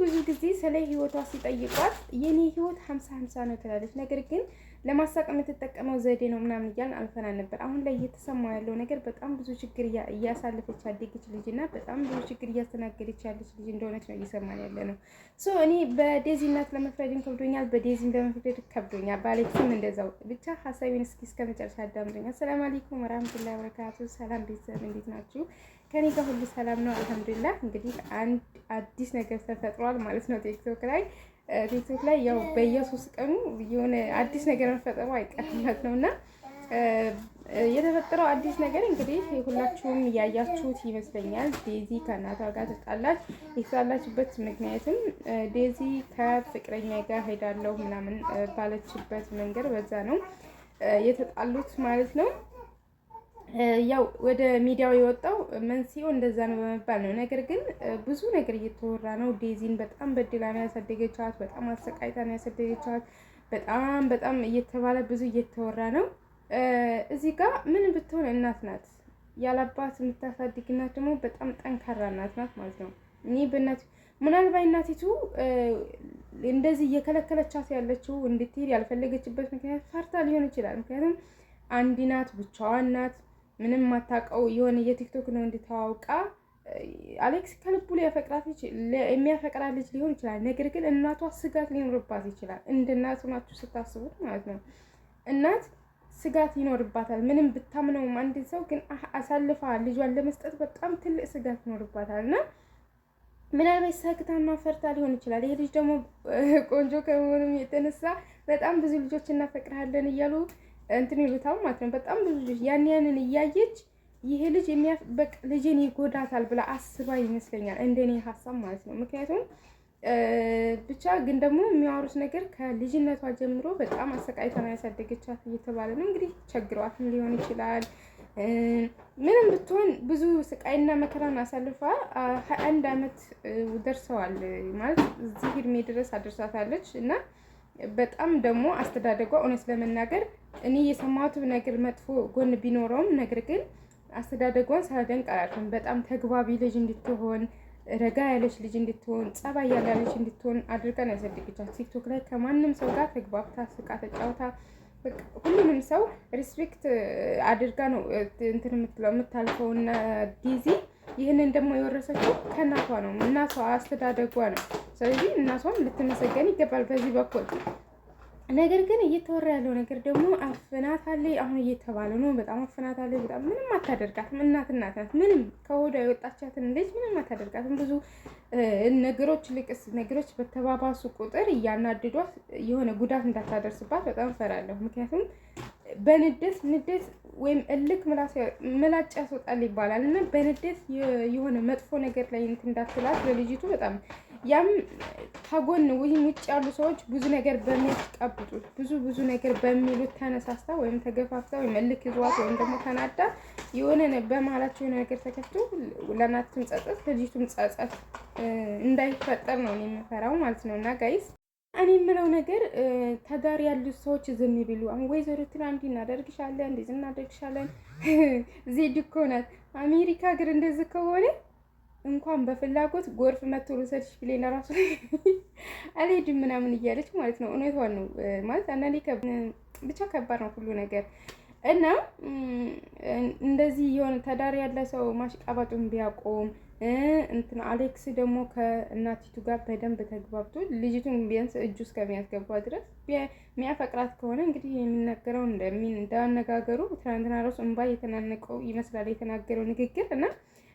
ብዙ ጊዜ ስለ ህይወቷ ሲጠይቋት የኔ ህይወት ሀምሳ ሀምሳ ነው ትላለች። ነገር ግን ለማሳቅ የምትጠቀመው ዘዴ ነው ምናምን እያልን አልፈና ነበር። አሁን ላይ እየተሰማ ያለው ነገር በጣም ብዙ ችግር እያሳለፈች ያደገች ልጅ እና በጣም ብዙ ችግር እያስተናገደች ያለች ልጅ እንደሆነች ነው እየሰማን ያለ ነው። ሶ እኔ በዴዚ እናት ከብዶኛል፣ በዴዚን ለመፍረድ ከብዶኛል። ባለችም እንደዛው ብቻ። ሀሳቢን እስኪ እስከ መጨረሻ አዳምጡኝ። ሰላም አለይኩም ወራህመቱላ ወበረካቱ። ሰላም ቤተሰብ እንዴት ናችሁ? ከኔ ጋር ሁሉ ሰላም ነው አልሐምዱሊላህ። እንግዲህ አንድ አዲስ ነገር ተፈጥሯል ማለት ነው ቲክቶክ ላይ ቲክቶክ ላይ ያው በየሶስት ቀኑ የሆነ አዲስ ነገር መፈጠሩ አይቀርም ነውና ነው እና የተፈጠረው አዲስ ነገር እንግዲህ ሁላችሁም እያያችሁት ይመስለኛል። ዴዚ ከእናቷ ጋር ተጣላች። የተጣላችበት ምክንያትም ዴዚ ከፍቅረኛ ጋር ሄዳለሁ ምናምን ባለችበት መንገድ በዛ ነው የተጣሉት ማለት ነው። ያው ወደ ሚዲያው የወጣው መንስኤው እንደዛ ነው በመባል ነው። ነገር ግን ብዙ ነገር እየተወራ ነው። ዴዚን በጣም በድላ ነው ያሳደገቻት፣ በጣም አሰቃይታ ነው ያሳደገቻት፣ በጣም በጣም እየተባለ ብዙ እየተወራ ነው። እዚህ ጋር ምን ብትሆን እናት ናት ያላባት የምታሳድግ እናት ደግሞ በጣም ጠንካራ እናት ናት ማለት ነው። እኔ በእናት ምናልባት እናቲቱ እንደዚህ እየከለከለቻት ያለችው እንድትሄድ ያልፈለገችበት ምክንያት ፈርታ ሊሆን ይችላል። ምክንያቱም አንድ ናት ብቻዋን ናት ምንም ማታውቀው የሆነ የቲክቶክ ነው እንድታዋውቃ አሌክስ ከልቡ የሚያፈቅራ ልጅ ሊሆን ይችላል። ነገር ግን እናቷ ስጋት ሊኖርባት ይችላል። እንደ እናቱ ናችሁ ስታስቡት ማለት ነው። እናት ስጋት ይኖርባታል። ምንም ብታምነውም አንድ ሰው ግን አሳልፋ ልጇን ለመስጠት በጣም ትልቅ ስጋት ይኖርባታል እና ምናልባት ሰክታና ፈርታ ሊሆን ይችላል። ይህ ልጅ ደግሞ ቆንጆ ከመሆኑም የተነሳ በጣም ብዙ ልጆች እናፈቅርሃለን እያሉ እንትን ይሉታው ማለት ነው። በጣም ብዙ ልጅ ያን ያንን እያየች ይሄ ልጅ የሚያበቅ ልጅን ይጎዳታል ብላ አስባ ይመስለኛል፣ እንደኔ ሀሳብ ማለት ነው። ምክንያቱም ብቻ ግን ደግሞ የሚያወሩት ነገር ከልጅነቷ ጀምሮ በጣም አሰቃይታ ነው ያሳደገቻት እየተባለ ነው። እንግዲህ ቸግሯትም ሊሆን ይችላል። ምንም ብትሆን ብዙ ስቃይና መከራን አሳልፋ ሀያ አንድ አመት ደርሰዋል ማለት እዚህ እድሜ ድረስ አድርሳታለች እና በጣም ደግሞ አስተዳደጓ እውነት ለመናገር እኔ የሰማሁት ነገር መጥፎ ጎን ቢኖረውም ነገር ግን አስተዳደጓን ሳደንቅ አላልኩም። በጣም ተግባቢ ልጅ እንድትሆን ረጋ ያለች ልጅ እንድትሆን ጸባይ ልጅ እንድትሆን አድርገን ያሳደገቻት። ቲክቶክ ላይ ከማንም ሰው ጋር ተግባብታ ስቃ ተጫውታ ሁሉንም ሰው ሪስፔክት አድርጋ ነው እንትን የምትለው የምታልፈው። እና ዲዚ ይህንን ደግሞ የወረሰችው ከእናቷ ነው። እናቷ አስተዳደጓ ነው። ስለዚህ እናቷም ልትመሰገን ይገባል በዚህ በኩል። ነገር ግን እየተወራ ያለው ነገር ደግሞ አፍናታለች፣ አሁን እየተባለ ነው። በጣም አፍናታለች፣ በጣም ምንም አታደርጋትም። እናት እናት ናት። ምንም ከወዳ የወጣቻትን ልጅ ምንም አታደርጋትም። ብዙ ነገሮች ልቅስ ነገሮች በተባባሱ ቁጥር እያናድዷት የሆነ ጉዳት እንዳታደርስባት በጣም ፈራለሁ። ምክንያቱም በንዴት ንዴት ወይም እልክ ምላጭ ያስወጣል ይባላል እና በንዴት የሆነ መጥፎ ነገር ላይ እንትን እንዳትላት ለልጅቱ በጣም ያም ከጎን ወይም ውጭ ያሉ ሰዎች ብዙ ነገር በሚያስቀብጡት ብዙ ብዙ ነገር በሚሉት ተነሳስታ ወይም ተገፋፍታ ወይም እልክ ይዟት ወይም ደግሞ ተናዳ የሆነ በመሀላቸው የሆነ ነገር ተከፍቶ ለእናትም ጸጸት፣ ለልጅቱም ጸጸት እንዳይፈጠር ነው እኔ የምፈራው ማለት ነው እና ጋይስ እኔ የምለው ነገር ተጋር ያሉት ሰዎች ዝም ቢሉ፣ አሁን ወይዘሮ ቱና እንዲህ እናደርግሻለን እንደዚህ እናደርግሻለን ዜድ እኮ ናት። አሜሪካ ሀገር እንደዚህ ከሆነ እንኳን በፍላጎት ጎርፍ መቶ ልውሰድሽ ብሌን ራሱ አልሄድም ምናምን እያለች ማለት ነው። እውነቷን ነው ማለት አንዳንዴ ብቻ ከባድ ነው ሁሉ ነገር እና እንደዚህ የሆነ ተዳር ያለ ሰው ማሽቃባጡን ቢያቆም እንትን አሌክስ ደግሞ ከእናቲቱ ጋር በደንብ ተግባብቶ ልጅቱን ቢያንስ እጁ እስከሚያስገባ ድረስ የሚያፈቅራት ከሆነ እንግዲህ የሚናገረው እንዳነጋገሩ ትናንትና ራሱ እንባ የተናነቀው ይመስላል የተናገረው ንግግር እና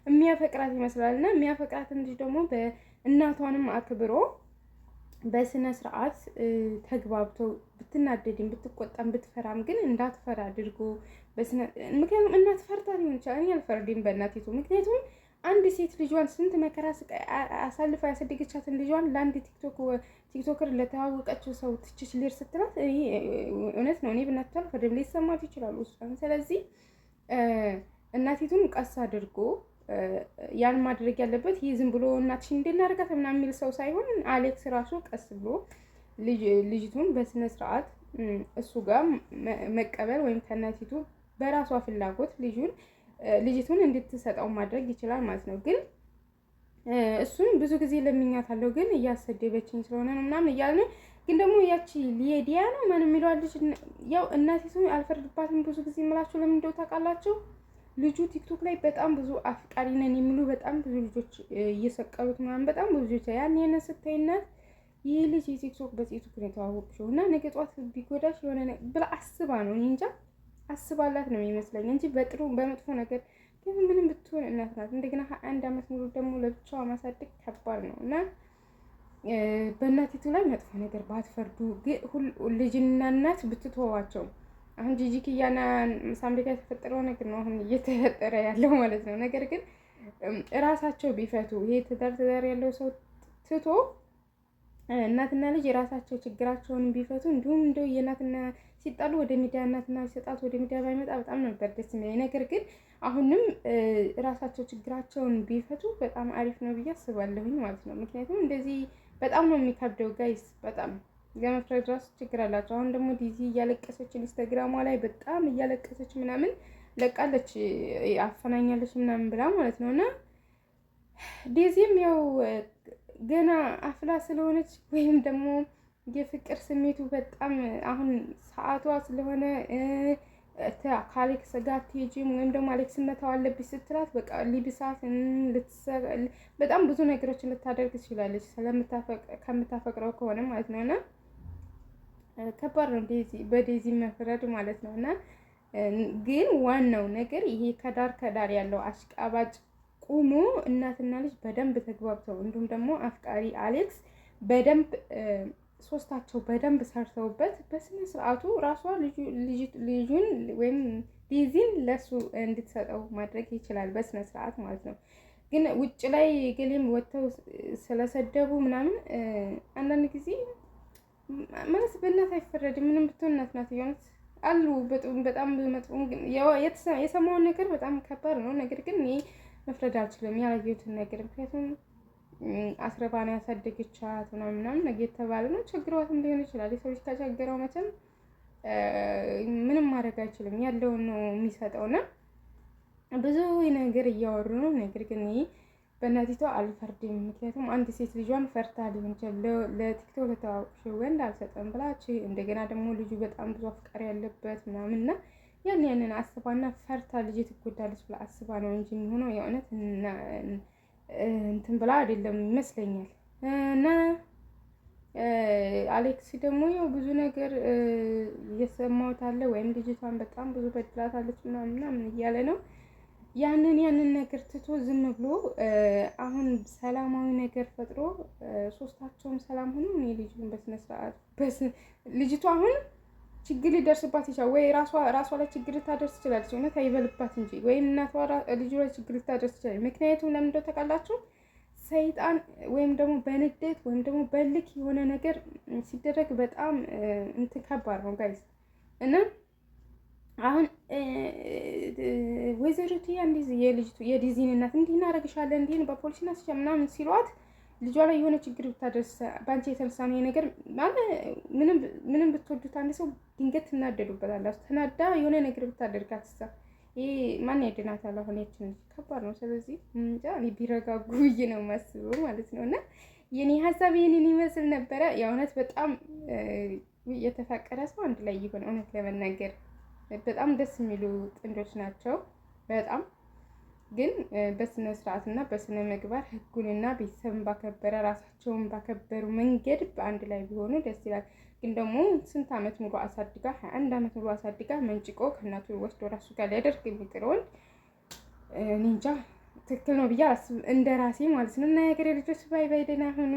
የሚያፈቅራት ይመስላል እና የሚያፈቅራትን ልጅ ደግሞ በእናቷንም አክብሮ በስነ ስርዓት ተግባብቶ ብትናደድም ብትቆጣም ብትፈራም ግን እንዳትፈራ አድርጎ ምክንያቱም እናት ፈርታ ሊሆን ይችላል። እኔ አልፈርድም በእናቴቱ ምክንያቱም አንድ ሴት ልጇን ስንት መከራ ስቃይ አሳልፋ ያሳደገቻትን ልጇን ለአንድ ቲክቶከር ለተዋወቀችው ሰው ትችች ሊር ስትላት እውነት ነው። እኔ ብናትቷ አልፈርድም፣ ሊሰማት ይችላሉ። ስለዚህ እናቲቱን ቀስ አድርጎ ያን ማድረግ ያለበት ይህ ዝም ብሎ እናትሽ እንድናደርጋት ምናምን የሚል ሰው ሳይሆን አሌክስ ራሱ ቀስ ብሎ ልጅቱን በስነ ስርዓት እሱ ጋር መቀበል ወይም ከእናቲቱ በራሷ ፍላጎት ልጁን ልጅቱን እንድትሰጠው ማድረግ ይችላል ማለት ነው። ግን እሱን ብዙ ጊዜ ለምኛታለሁ፣ ግን እያሰደበችኝ ስለሆነ ነው ምናምን እያለ ግን ደግሞ ያቺ ሊዲያ ነው ምን የሚለዋ ልጅ ያው እናቲቱ አልፈርድባትም ብዙ ጊዜ የምላችሁ ለምንደው ታውቃላችሁ? ልጁ ቲክቶክ ላይ በጣም ብዙ አፍቃሪ ነን የሚሉ በጣም ብዙ ልጆች እየሰቀሉት ምናምን በጣም ብዙ ልጆች ያን የነ ስታይናት ይህ ልጅ የቲክቶክ በቲክቶክ ነው የተዋወቅሽው እና ነገ ጧት ቢጎዳሽ የሆነ ብላ አስባ ነው እኔ እንጃ አስባላት ነው የሚመስለኝ እንጂ በጥሩ በመጥፎ ነገር ግን ምንም ብትሆን እናት ናት። እንደገና ሀያ አንድ አመት ሙሉ ደግሞ ለብቻዋ ማሳደግ ከባድ ነው እና በእናቲቱ ላይ መጥፎ ነገር ባትፈርዱ ልጅና እናት ብትተዋቸው አሁን ጂጂ ኪያና ሳምሪካ የተፈጠረው ነገር ነው አሁን እየተፈጠረ ያለው ማለት ነው። ነገር ግን እራሳቸው ቢፈቱ ይሄ ትዳር ትዳር ያለው ሰው ትቶ እናትና ልጅ የራሳቸው ችግራቸውን ቢፈቱ እንዲሁም እንደው የእናትና ሲጣሉ ወደ ሚዲያ እናትና ሲጣት ወደ ሚዲያ ባይመጣ በጣም ነበር ደስ የሚለኝ። ነገር ግን አሁንም ራሳቸው ችግራቸውን ቢፈቱ በጣም አሪፍ ነው ብዬ አስባለሁኝ ማለት ነው። ምክንያቱም እንደዚህ በጣም ነው የሚከብደው ጋይስ በጣም ዘመቻዎች ራሱ ችግር አላቸው። አሁን ደግሞ ዲዚ እያለቀሰች ኢንስታግራሟ ላይ በጣም እያለቀሰች ምናምን ለቃለች አፈናኛለች ምናምን ብላ ማለት ነው። እና ዲዚም ያው ገና አፍላ ስለሆነች ወይም ደግሞ የፍቅር ስሜቱ በጣም አሁን ሰዓቷ ስለሆነ ከአሌክስ ጋር አትሄጂም ወይም ደግሞ አሌክስ መተው አለብሽ ስትላት በቃ ሊብሳት በጣም ብዙ ነገሮችን ልታደርግ ትችላለች ከምታፈቅረው ከሆነ ማለት ነው እና ከባድ ነው በዴዚ መፍረድ ማለት ነው። እና ግን ዋናው ነገር ይሄ ከዳር ከዳር ያለው አሽቃባጭ ቁሞ እናትና ልጅ በደንብ ተግባብተው እንዲሁም ደግሞ አፍቃሪ አሌክስ በደንብ ሶስታቸው በደንብ ሰርተውበት በስነ ስርዓቱ ራሷ ልጁን ወይም ዴዚን ለሱ እንድትሰጠው ማድረግ ይችላል፣ በስነ ስርዓት ማለት ነው። ግን ውጭ ላይ ገሌም ወጥተው ስለሰደቡ ምናምን አንዳንድ ጊዜ ማለት በእናት አይፈረድም። ምንም ብትሆን እናት ናት። የሆነት አሉ በጣም መጥፎ የሰማውን ነገር በጣም ከባድ ነው። ነገር ግን እኔ መፍረድ አልችልም ያላየሁትን ነገር ምክንያቱም አስረባን ያሳደገቻት ምናምን ምናምን ነገ የተባለ ነው። ችግሯትም ሊሆን ይችላል። የሰው ልጅ ካቻገረው መቼም ምንም ማድረግ አይችልም። ያለውን ነው የሚሰጠውና ብዙ ነገር እያወሩ ነው። ነገር ግን ይሄ በእናቲቷ አልፈርድም። ምክንያቱም አንድ ሴት ልጇን ፈርታ ሊሆን ይችላል ለቲክቶክ ለተዋወቅሽው ወንድ አልሰጠም ብላች፣ እንደገና ደግሞ ልጁ በጣም ብዙ አፍቃሪ ያለበት ምናምንና ያን ያንን አስባና ፈርታ ልጅ ትጎዳለች ብላ አስባ ነው እንጂ የሚሆነው የእውነት እንትን ብላ አይደለም ይመስለኛል። እና አሌክስ ደግሞ ያው ብዙ ነገር እየሰማሁት አለ ወይም ልጅቷን በጣም ብዙ በድላታለች ምናምን ምናምን እያለ ነው ያንን ያንን ነገር ትቶ ዝም ብሎ አሁን ሰላማዊ ነገር ፈጥሮ ሶስታቸውም ሰላም ሆኖ እኔ ልጁን በስነስርዓት ልጅቷ አሁን ችግር ሊደርስባት ይችላል ወይ ራሷ ላይ ችግር ልታደርስ ይችላለች። እውነት አይበልባት እንጂ ወይም እናቷ ልጁ ላይ ችግር ልታደርስ ይችላለች። ምክንያቱም ለምን እንደው ሰይጣን ወይም ደግሞ በንዴት ወይም ደግሞ በልክ የሆነ ነገር ሲደረግ በጣም እንትን ከባድ ነው ጋይዝ እና አሁን ወይዘሪቱ ያ እንደዚህ የልጅቱ የዲዚን እናት እንዲህ እናደርግሻለን እንዲህን በፖሊስ እናስቻ ምናምን ሲሏት ልጇ ላይ የሆነ ችግር ብታደርስ በአንቺ የተነሳ ነው ነገር ማለት ምንም ብትወዱት አንድ ሰው ድንገት ትናደዱበታላችሁ። ተናዳ የሆነ ነገር ብታደርጋት ሳ ይሄ ማን ያድናታል? አሁን ያችን ከባድ ነው። ስለዚህ እንጃ እኔ ቢረጋጉ ብዬ ነው የማስበው ማለት ነው። እና የኔ ሀሳብ ይህንን ይመስል ነበረ። የእውነት በጣም የተፋቀረ ሰው አንድ ላይ ይሆን እውነት ለመናገር በጣም ደስ የሚሉ ጥንዶች ናቸው። በጣም ግን በስነ ስርዓት እና በስነ ምግባር ህጉንና ቤተሰብን ባከበረ ራሳቸውን ባከበሩ መንገድ በአንድ ላይ ቢሆኑ ደስ ይላል። ግን ደግሞ ስንት ዓመት ሙሉ አሳድጋ ሀያ አንድ ዓመት ሙሉ አሳድጋ መንጭቆ ከእናቱ ወስዶ ራሱ ጋር ሊያደርግ የሚጥር ወንድ እኔ እንጃ ትክክል ነው ብዬ እንደ ራሴ ማለት ነው። እና የሀገሬ ልጆች ባይ ባይ ደህና ሁኑ።